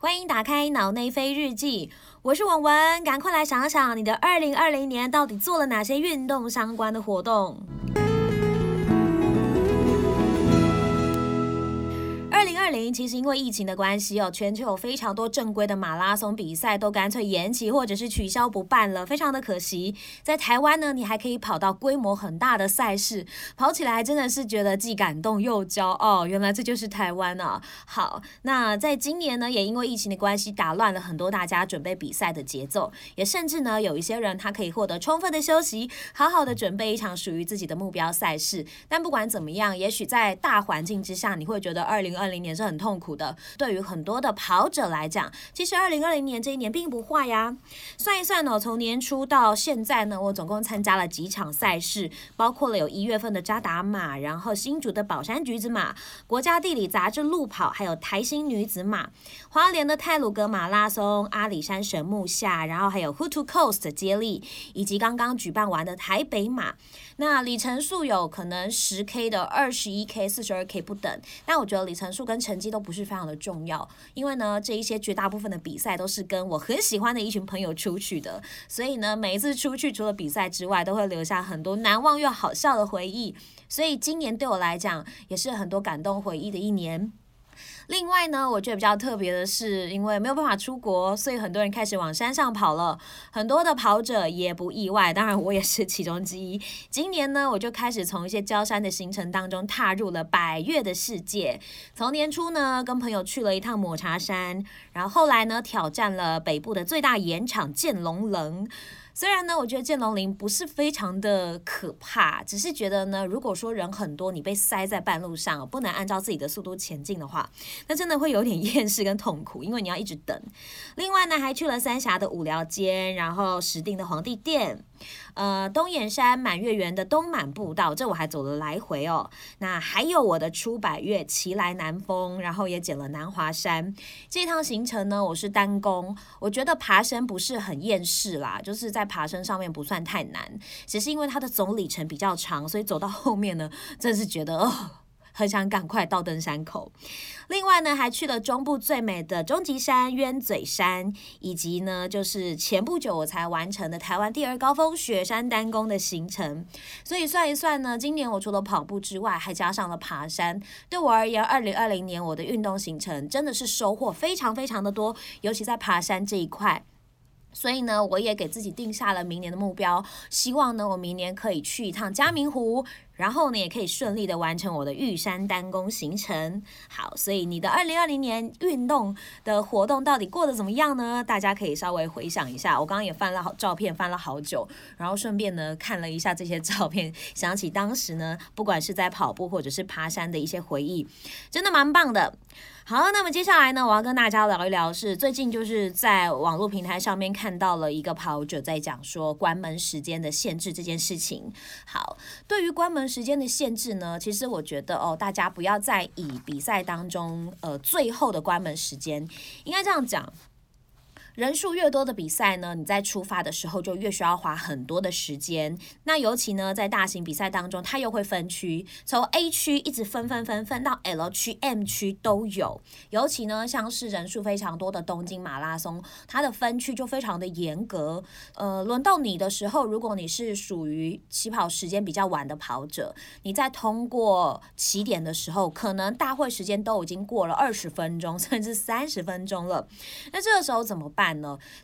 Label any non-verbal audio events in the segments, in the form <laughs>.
歡迎打開《腦內啡日記》，我是文文，趕快來想想你的2020年到底做了哪些運動相關的活動。其實因為疫情的關係哦，全球有非常多正規的馬拉松比賽都乾脆延期或者是取消不辦了，非常的可惜。在台灣呢，你還可以跑到規模很大的賽事，跑起來真的是覺得既感動又驕傲。哦，原來這就是台灣啊！好，那在今年呢，也因為疫情的關係，打亂了很多大家準備比賽的節奏，也甚至呢，有一些人他可以獲得充分的休息，好好的準備一場屬於自己的目標賽事。但不管怎麼樣，也許在大環境之下，你會覺得二零二零年是。是很痛苦的。對於很多的跑者來講，其實二零二零年這一年並不壞呀。算一算呢、哦，從年初到現在呢，我總共參加了幾場賽事，包括了有一月份的渣打馬，然後新竹的寶山橘子馬、國家地理雜誌路跑，還有台新女子馬、花蓮的太魯閣馬拉松、阿里山神木下，然後還有 Hood to Coast 的接力，以及剛剛舉辦完的台北馬。那里程數有可能十 K 的、二十一 K、四十二 K 不等，但我覺得里程數跟成成績都不是非常的重要，因為呢，這一些絕大部分的比賽都是跟我很喜歡的一群朋友出去的，所以呢，每一次出去除了比賽之外，都會留下很多難忘又好笑的回憶，所以今年對我來講也是很多感動回憶的一年。另外呢，我覺得比較特別的是，因為沒有辦法出國，所以很多人開始往山上跑了。很多的跑者也不意外，當然我也是其中之一。今年呢，我就開始從一些郊山的行程當中踏入了百岳的世界。從年初呢，跟朋友去了一趟抹茶山，然後後來呢，挑戰了北部的最大岩場劍龍稜。雖然呢，我覺得劍龍稜不是非常的可怕，只是覺得呢，如果說人很多，你被塞在半路上，不能按照自己的速度前進的話，那真的會有點厭世跟痛苦，因為你要一直等。另外呢，還去了三峽的五寮尖，然後石碇的皇帝殿。呃，東眼山滿月圓的東滿步道，這我還走了來回哦。那還有我的初百岳，奇萊南峰，然後也撿了南華山。這趟行程呢，我是單攻，我覺得爬山不是很厭世啦，就是在爬山上面不算太難，只是因為它的總里程比較長，所以走到後面呢，真是覺得。哦。很想趕快到登山口。另外呢，還去了中部最美的中級山、鳶嘴山，以及呢，就是前不久我才完成的台灣第二高峰雪山單攻的行程。所以算一算呢，今年我除了跑步之外，還加上了爬山。對我而言，二零二零年我的運動行程真的是收穫非常非常的多，尤其在爬山這一塊。所以呢，我也給自己定下了明年的目標，希望呢，我明年可以去一趟嘉明湖。然後呢，也可以順利的完成我的玉山單攻行程。好，所以你的二零二零年運動的活動到底過得怎麼樣呢？大家可以稍微回想一下，我剛剛也翻了好照片，翻了好久，然後順便呢，看了一下這些照片，想起當時呢，不管是在跑步或者是爬山的一些回憶，真的蠻棒的。好，那麼接下來呢，我要跟大家聊一聊是，是最近就是在網絡平台上面看到了一個跑者在講說關門時間的限制這件事情。好，對於關門。時間的限制呢，其實我覺得哦，大家不要再以比賽當中呃，最後的關門時間，應該這樣講。人數越多的比賽呢，你在出發的時候就越需要花很多的時間。那尤其呢，在大型比賽當中，它又會分區，從 A 區一直分分分分到 L 區、M 區都有。尤其呢，像是人數非常多的東京馬拉松，它的分區就非常的嚴格。呃，輪到你的時候，如果你是屬於起跑時間比較晚的跑者，你在通過起點的時候，可能大會時間都已經過了二十分鐘，甚至三十分鐘了。那這個時候怎麼辦？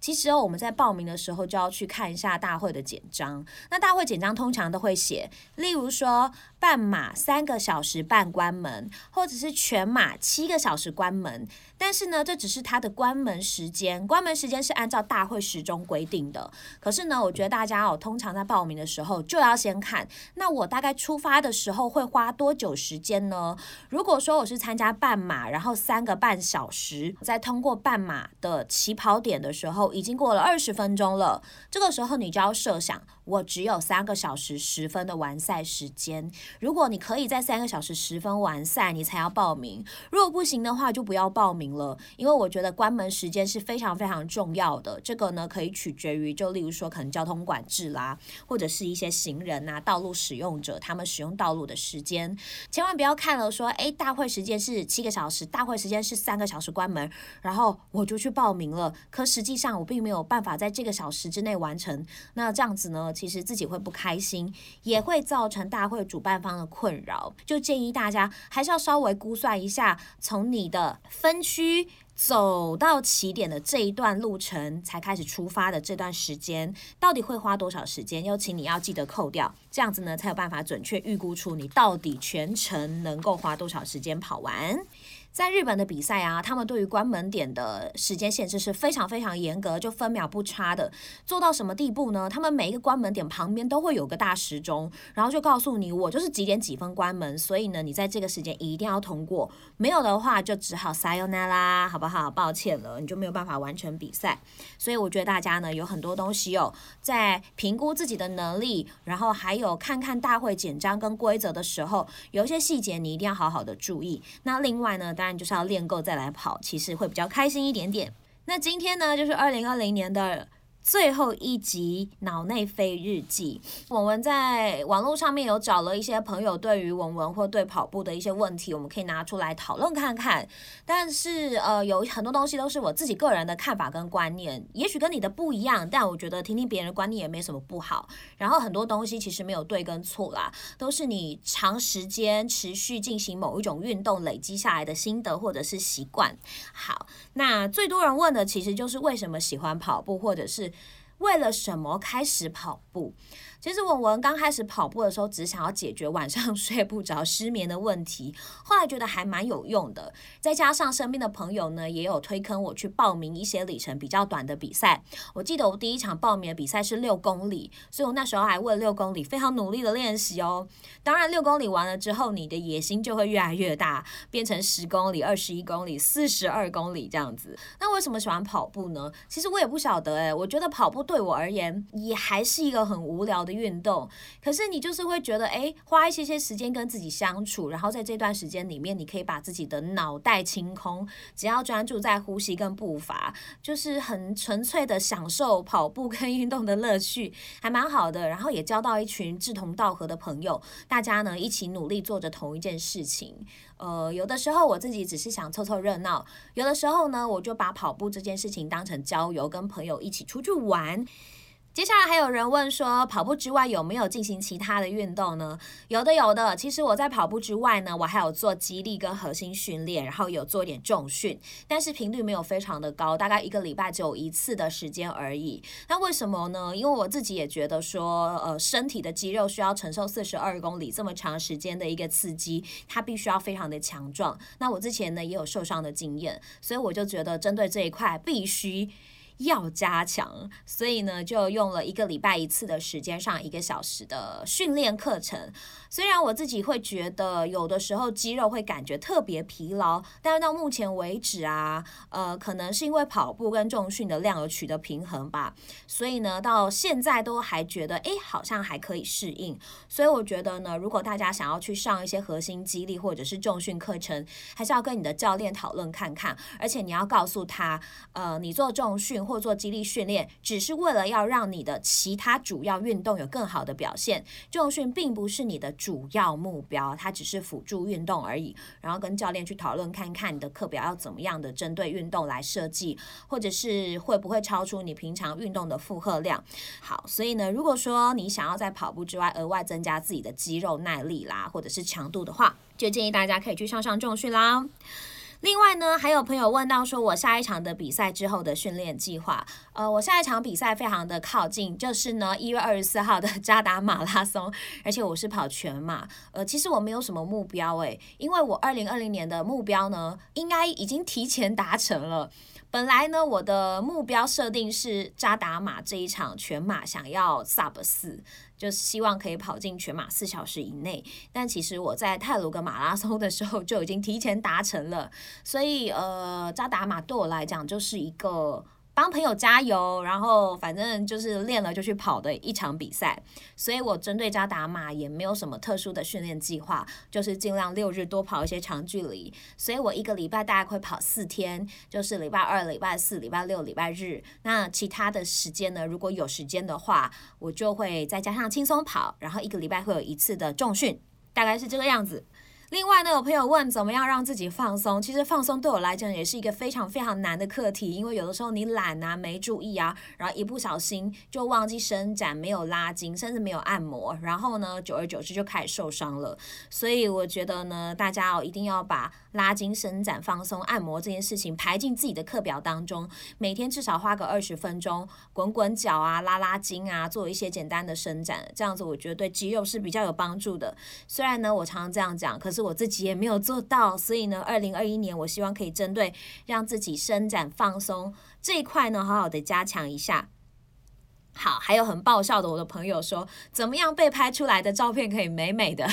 其實我們在報名的時候就要去看一下大會的簡章。那大會簡章通常都會寫，例如說，半馬三個小時半關門，或者是全馬七個小時關門。但是呢，這只是它的關門時間，關門時間是按照大會時鐘規定的。可是呢，我覺得大家哦，通常在報名的時候就要先看。那我大概出發的時候會花多久時間呢？如果說我是參加半馬，然後三個半小時，在通過半馬的起跑點的時候，已經過了二十分鐘了。這個時候你就要設想。我只有三個小時十分的完賽時間，如果你可以在三個小時十分完賽，你才要報名。如果不行的話，就不要報名了，因為我覺得關門時間是非常非常重要的。這個呢，可以取決於，就例如說可能交通管制啦，或者是一些行人吶、啊、道路使用者他們使用道路的時間。千萬不要看了說，誒，大會時間是七個小時，大會時間是三個小時關門，然後我就去報名了。可實際上我並沒有辦法在這個小時之內完成。那這樣子呢？其實自己會不開心，也會造成大會主辦方的困擾。就建議大家還是要稍微估算一下，從你的分區走到起點的這一段路程，才開始出發的這段時間，到底會花多少時間？尤其你要記得扣掉，這樣子呢，才有辦法準確預估出你到底全程能夠花多少時間跑完。在日本的比賽啊，他們對於關門點的時間限制是非常非常嚴格，就分秒不差的做到什麼地步呢？他們每一個關門點旁邊都會有個大時鐘，然後就告訴你，我就是幾點幾分關門，所以呢，你在這個時間一定要通過，沒有的話就只好撒由那拉啦，好不好？抱歉了，你就沒有辦法完成比賽。所以我覺得大家呢，有很多東西哦，在評估自己的能力，然後還有看看大會簡章跟規則的時候，有一些細節你一定要好好的注意。那另外呢，當然就是要練夠再來跑，其實會比較開心一點點。那今天呢，就是二零二零年的最後一集《腦內啡日記》，我們在網絡上面有找了一些朋友，對於文文或對跑步的一些問題，我們可以拿出來討論看看。但是，呃，有很多東西都是我自己個人的看法跟觀念，也許跟你的不一樣，但我覺得聽聽別人的觀念也沒什麼不好。然後，很多東西其實沒有對跟錯啦，都是你長時間持續進行某一種運動累積下來的心得或者是習慣。好，那最多人問的其實就是為什麼喜歡跑步，或者是。為了什麼開始跑步？其實我們剛開始跑步的時候，只想要解決晚上睡不着、失眠的問題。後來覺得還蠻有用的，再加上身邊的朋友呢，也有推坑我去報名一些里程比較短的比賽。我記得我第一場報名的比賽是六公里，所以我那時候還為了六公里非常努力的練習哦。當然，六公里完了之後，你的野心就會越來越大，變成十公里、二十一公里、四十二公里這樣子。那為什麼喜歡跑步呢？其實我也不曉得誒，我覺得跑步對我而言，也還是一個很無聊的。運動，可是你就是會覺得，誒，花一些些時間跟自己相處，然後在這段時間裡面，你可以把自己的腦袋清空，只要專注在呼吸跟步伐，就是很純粹的享受跑步跟運動的樂趣，還蠻好的。然後也交到一群志同道合的朋友，大家呢一起努力做着同一件事情。呃，有的時候我自己只是想湊湊熱鬧，有的時候呢，我就把跑步這件事情當成郊遊，跟朋友一起出去玩。接下來還有人問說，跑步之外有沒有進行其他的運動呢？有的，有的。其實我在跑步之外呢，我還有做肌力跟核心訓練，然後有做點重訓，但是頻率沒有非常的高，大概一個禮拜只有一次的時間而已。那為什麼呢？因為我自己也覺得說，呃，身體的肌肉需要承受四十二公里這麼長時間的一個刺激，它必須要非常的強壯。那我之前呢也有受傷的經驗，所以我就覺得針對這一塊必須。要加強，所以呢，就用了一個禮拜一次的時間上一個小時的訓練課程。雖然我自己會覺得有的時候肌肉會感覺特別疲勞，但是到目前為止啊，呃，可能是因為跑步跟重訓的量有取得平衡吧。所以呢，到現在都還覺得，欸，好像還可以適應。所以我覺得呢，如果大家想要去上一些核心肌力或者是重訓課程，還是要跟你的教練討論看看，而且你要告訴他，呃，你做重訓。或做肌力訓練，只是為了要讓你的其他主要運動有更好的表現。重訓並不是你的主要目標，它只是輔助運動而已。然後跟教練去討論，看看你的課表要怎麼樣的針對運動來設計，或者是會不會超出你平常運動的負荷量。好，所以呢，如果說你想要在跑步之外額外增加自己的肌肉耐力啦，或者是強度的話，就建議大家可以去上上重訓啦。另外呢，還有朋友問到說，我下一場的比賽之後的訓練計劃。呃，我下一場比賽非常的靠近，就是呢一月二十四號的渣打馬拉松，而且我是跑全馬。呃，其實我沒有什麼目標誒，因為我二零二零年的目標呢，應該已經提前達成了。本來呢，我的目標設定是渣打馬這一場全馬想要 sub 四，就希望可以跑進全馬四小時以內。但其實我在太魯閣馬拉松的時候就已經提前達成了，所以呃，渣打馬對我來講就是一個。幫朋友加油，然後反正就是練了就去跑的一場比賽，所以我針對渣打馬也沒有什麼特殊的訓練計劃，就是盡量六日多跑一些長距離，所以我一個禮拜大概會跑四天，就是禮拜二、禮拜四、禮拜六、禮拜日，那其他的時間呢，如果有時間的話，我就會再加上輕鬆跑，然後一個禮拜會有一次的重訓，大概是這個樣子。另外呢，有朋友問怎麼樣讓自己放鬆？其實放鬆對我來講也是一個非常非常難的課題，因為有的時候你懶啊，沒注意啊，然後一不小心就忘記伸展，沒有拉筋，甚至沒有按摩，然後呢，久而久之就開始受傷了。所以我覺得呢，大家哦一定要把拉筋、伸展、放鬆、按摩這件事情排進自己的課表當中，每天至少花個二十分鐘，滾滾腳啊，拉拉筋啊，做一些簡單的伸展，這樣子我覺得對肌肉是比較有幫助的。雖然呢，我常常這樣講，可是。我自己也沒有做到，所以呢，二零二一年我希望可以針對讓自己伸展放鬆這一塊呢，好好的加強一下。好，還有很爆笑的，我的朋友說，怎麼樣被拍出來的照片可以美美的？ <laughs>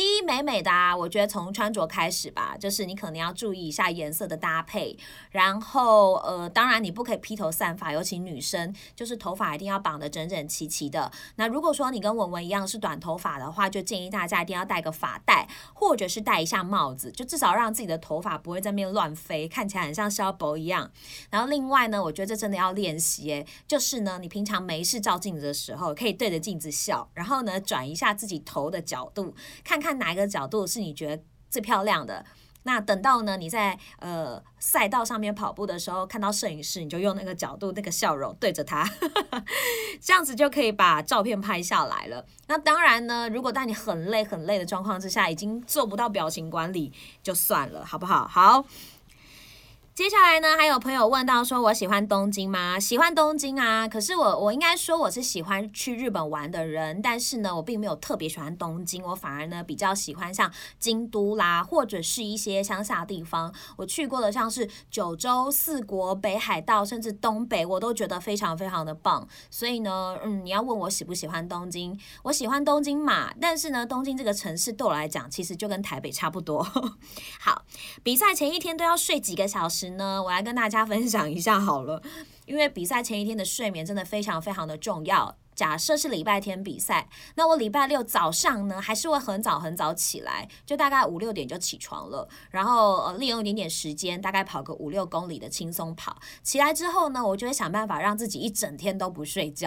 第一，美美的啊，我覺得從穿着開始吧，就是你可能要注意一下顏色的搭配，然後呃，當然你不可以披頭散髮，尤其女生，就是頭髮一定要綁得整整齊齊的。那如果說你跟文文一樣是短頭髮的話，就建議大家一定要戴個髮帶，或者是戴一下帽子，就至少讓自己的頭髮不會在那邊亂飛，看起來很像肖博一樣。然後另外呢，我覺得這真的要練習耶，就是呢，你平常沒事照鏡子的時候，可以對着鏡子笑，然後呢，轉一下自己頭的角度，看看。看哪一個角度是你覺得最漂亮的？那等到呢，你在呃賽道上面跑步的時候，看到攝影師，你就用那個角度、那個笑容對着他，呵呵，這樣子就可以把照片拍下來了。那當然呢，如果在你很累、很累的狀況之下，已經做不到表情管理，就算了，好不好？好。接下來呢，還有朋友問到說，我喜歡東京嗎？喜歡東京啊，可是我我應該說我是喜歡去日本玩的人，但是呢，我並沒有特別喜歡東京，我反而呢比較喜歡像京都啦，或者是一些鄉下地方。我去過的像是九州、四國、北海道，甚至東北，我都覺得非常非常的棒。所以呢，嗯，你要問我喜不喜歡東京，我喜歡東京嘛，但是呢，東京這個城市對我來講，其實就跟台北差不多。 <laughs> 好，比賽前一天都要睡幾個小時？呢，我來跟大家分享一下好了，因為比賽前一天的睡眠真的非常非常的重要。假設是禮拜天比賽，那我禮拜六早上呢，還是會很早很早起來，就大概五六點就起床了，然後，呃，利用一點點時間，大概跑個五六公里的輕鬆跑。起來之後呢，我就會想辦法讓自己一整天都不睡覺。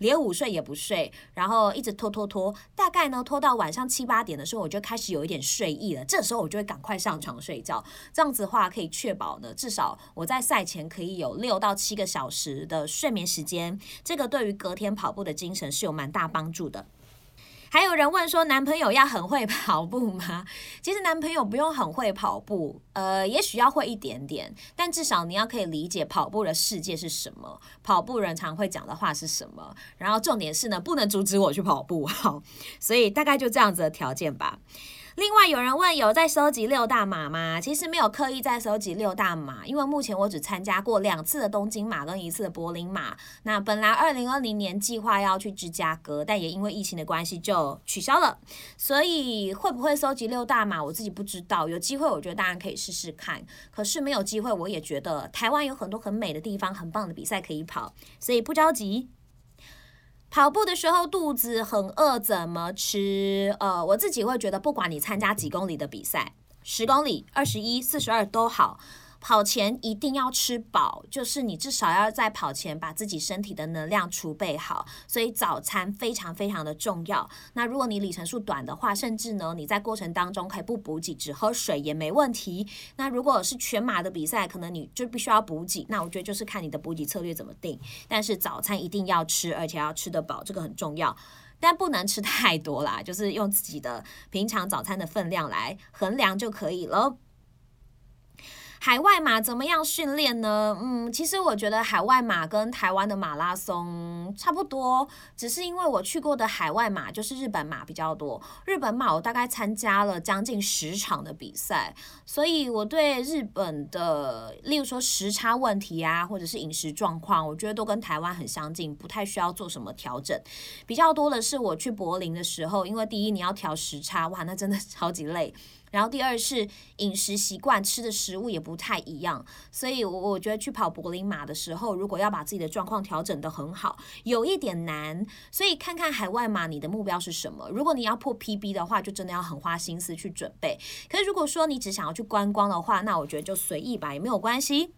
連午睡也不睡，然後一直拖拖拖，大概呢拖到晚上七八點的時候，我就開始有一點睡意了。這時候我就會趕快上床睡覺，這樣子的話可以確保呢，至少我在賽前可以有六到七個小時的睡眠時間。這個對於隔天跑步的精神是有蠻大幫助的。還有人問說，男朋友要很會跑步嗎？其實男朋友不用很會跑步，呃，也許要會一點點，但至少你要可以理解跑步的世界是什麼，跑步人常會講的話是什麼。然後重點是呢，不能阻止我去跑步。好，所以大概就這樣子的條件吧。另外有人問有在收集六大馬嗎？其實沒有刻意在收集六大馬，因為目前我只參加過兩次的東京馬跟一次的柏林馬。那本來二零二零年計劃要去芝加哥，但也因為疫情的關係就取消了。所以會不會收集六大馬？我自己不知道。有機會我覺得當然可以試試看，可是沒有機會，我也覺得台灣有很多很美的地方，很棒的比賽可以跑，所以不着急。跑步的時候肚子很餓，怎麼吃？呃，我自己會覺得，不管你參加幾公里的比賽，十公里、二十一、四十二都好。跑前一定要吃飽，就是你至少要在跑前把自己身體的能量儲備好，所以早餐非常非常的重要。那如果你里程數短的話，甚至呢，你在過程當中可以不補給，只喝水也沒問題。那如果是全馬的比賽，可能你就必須要補給。那我覺得就是看你的補給策略怎麼定，但是早餐一定要吃，而且要吃得飽，這個很重要，但不能吃太多啦，就是用自己的平常早餐的分量來衡量就可以了。海外馬怎麼樣訓練呢？嗯，其實我覺得海外馬跟台灣的馬拉松差不多，只是因為我去過的海外馬就是日本馬比較多。日本馬我大概參加了將近十場的比賽，所以我對日本的，例如說時差問題啊，或者是飲食狀況，我覺得都跟台灣很相近，不太需要做什麼調整。比較多的是我去柏林的時候，因為第一你要調時差，哇，那真的超級累。然後第二是飲食習慣，吃的食物也不太一樣，所以我我覺得去跑柏林馬的時候，如果要把自己的狀況調整得很好，有一點難。所以看看海外馬，你的目標是什麼？如果你要破 PB 的話，就真的要很花心思去準備。可是如果說你只想要去觀光的話，那我覺得就隨意吧，也沒有關係。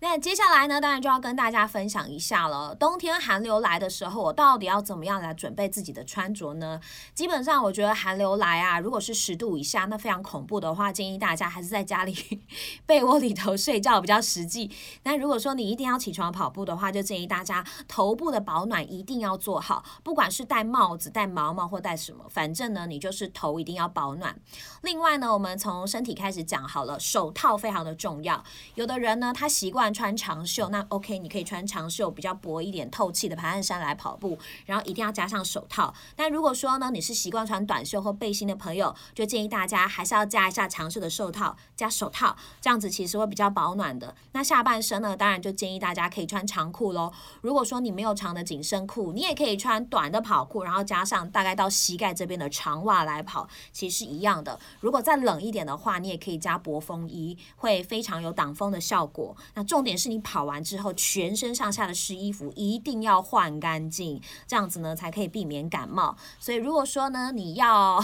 那接下來呢，當然就要跟大家分享一下了。冬天寒流來的時候，我到底要怎麼樣來準備自己的穿着呢？基本上，我覺得寒流來啊，如果是十度以下，那非常恐怖的話，建議大家還是在家裡 <laughs> 被窩裡頭睡覺比較實際。那如果說你一定要起床跑步的話，就建議大家頭部的保暖一定要做好，不管是戴帽子、戴毛帽或戴什麼，反正呢，你就是頭一定要保暖。另外呢，我們從身體開始講好了，手套非常的重要。有的人呢，他習慣。穿長袖那 OK，你可以穿長袖比較薄一點、透氣的排汗衫來跑步，然後一定要加上手套。但如果說呢，你是習慣穿短袖或背心的朋友，就建議大家還是要加一下長袖的袖套、加手套，這樣子其實會比較保暖的。那下半身呢，當然就建議大家可以穿長褲咯。如果說你沒有長的緊身褲，你也可以穿短的跑褲，然後加上大概到膝蓋這邊的長襪來跑，其實是一樣的。如果再冷一點的話，你也可以加薄風衣，會非常有擋風的效果。那重點是你跑完之後，全身上下的濕衣服一定要換乾淨，這樣子呢才可以避免感冒。所以如果說呢，你要，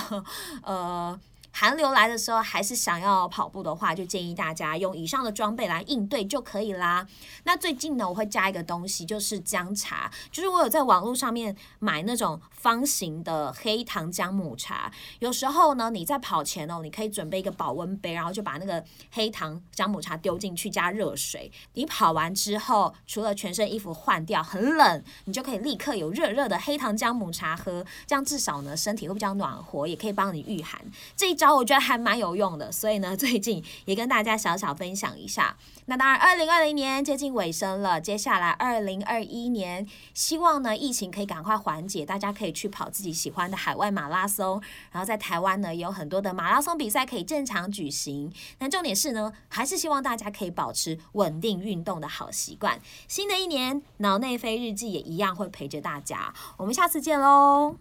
呃。寒流來的時候，還是想要跑步的話，就建議大家用以上的裝備來應對就可以啦。那最近呢，我會加一個東西，就是薑茶。就是我有在網絡上面買那種方形的黑糖薑母茶。有時候呢，你在跑前哦，你可以準備一個保溫杯，然後就把那個黑糖薑母茶丟進去，加熱水。你跑完之後，除了全身衣服換掉，很冷，你就可以立刻有熱熱的黑糖薑母茶喝，這樣至少呢，身體會比較暖和，也可以幫你禦寒。這一。我覺得還蠻有用的，所以呢，最近也跟大家小小分享一下。那當然，二零二零年接近尾聲了，接下來二零二一年，希望呢，疫情可以趕快緩解，大家可以去跑自己喜歡的海外馬拉松。然後在台灣呢，有很多的馬拉松比賽可以正常舉行。那重點是呢，還是希望大家可以保持穩定運動的好習慣。新的一年，腦內啡日記也一樣會陪着大家。我們下次見嘍！